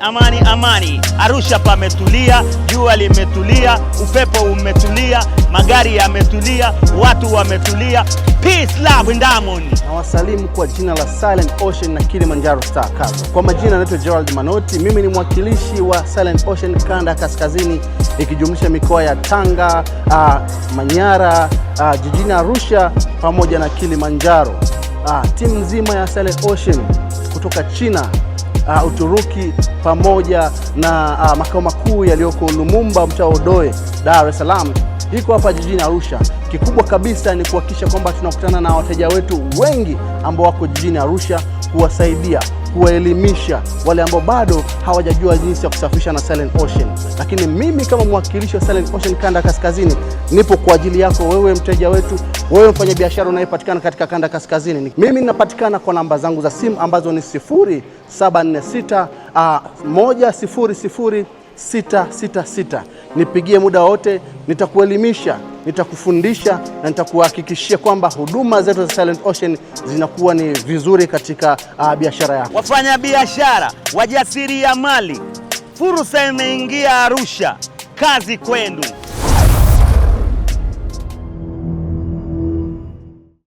Amani, amani, Arusha pametulia, jua limetulia, upepo umetulia, magari yametulia, watu wametulia. Peace, love and harmony. Na wasalimu kwa jina la Silent Ocean na Kilimanjaro Star Cargo. Kwa majina anaitwa Gerald Manoti, mimi ni mwakilishi wa Silent Ocean kanda kaskazini ikijumlisha mikoa ya Tanga, uh, Manyara, uh, jijini Arusha pamoja na Kilimanjaro uh, timu nzima ya sale Ocean kutoka China uh, Uturuki pamoja na uh, makao makuu yaliyoko Lumumba mtaa Odoe, Dar es Salaam iko hapa jijini Arusha. Kikubwa kabisa ni kuhakikisha kwamba tunakutana na wateja wetu wengi ambao wako jijini Arusha kuwasaidia kuwaelimisha wale ambao bado hawajajua jinsi ya kusafisha na Silent Ocean. Lakini mimi kama mwakilishi wa Silent Ocean kanda kaskazini, nipo kwa ajili yako wewe, mteja wetu, wewe mfanyabiashara unayepatikana katika kanda kaskazini. Mimi ninapatikana kwa namba zangu za simu ambazo ni 0746 100666. Nipigie muda wote, nitakuelimisha nitakufundisha na nitakuhakikishia kwamba huduma zetu za Silent Ocean zinakuwa ni vizuri katika uh, biashara yako. Wafanyabiashara, mali, fursa imeingia Arusha, kazi kwenu.